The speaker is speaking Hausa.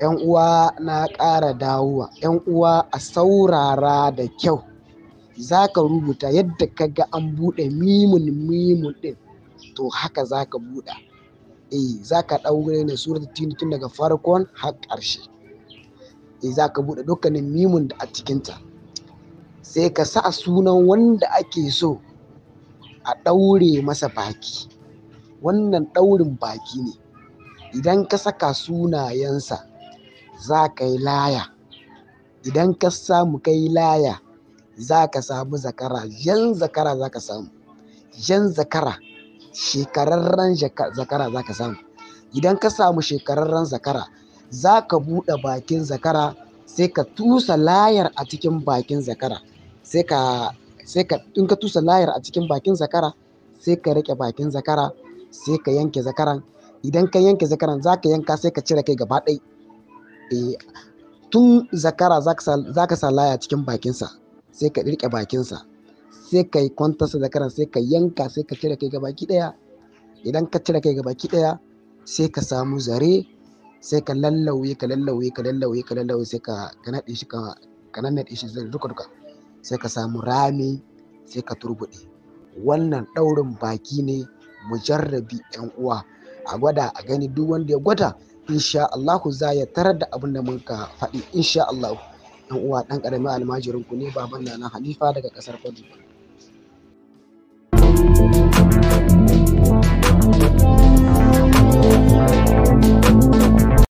'yan uwa na ƙara dawowa 'yan uwa a saurara da kyau za ka rubuta yadda ka ga an buɗe mimun mimun ɗin to haka za ka buɗa eh za ka ɗaure ne suratul tini tun daga farkon har ƙarshe eh za ka buɗe dukkanin mimun da a cikinta sai ka sa sunan wanda ake so a ɗaure masa baki wannan ɗaurin baki ne idan ka saka sunayensa za ka yi laya idan ka samu ka yi laya za ka samu zakara Yan zakara za ka samu Yan zakara shekararren zakara za ka samu idan ka samu shekararren zakara za ka buɗe bakin zakara sai ka tusa layar a cikin bakin zakara sai ka sai ka in ka tusa layar a cikin bakin zakara sai ka riƙe bakin zakara sai ka yanke zakaran idan ka yanke zakaran za ka yanka sai ka cire kai gaba ɗaya Eh, tun zakara za ka sa laya cikin bakinsa sai ka rike bakinsa sai ka yi kwantarsa zakaran sai ka yanka sai ka cire kai gabaki daya idan ka cire kai gabaki daya sai ka samu zare sai ka lallauye ka lallauye ka lallauye ka lallauye sai ka naɗe shi ka naɗe shi zai duka duka sai ka samu rami sai ka turbuɗe wannan ɗaurin baki ne mujarrabi yan uwa a gwada a gani duk wanda ya gwada insha Allahu za ya tarar da abin da muka faɗi insha Allahu uwa ɗan karamin almajirin ku ne baban na Hanifa daga ƙasar Kwadiba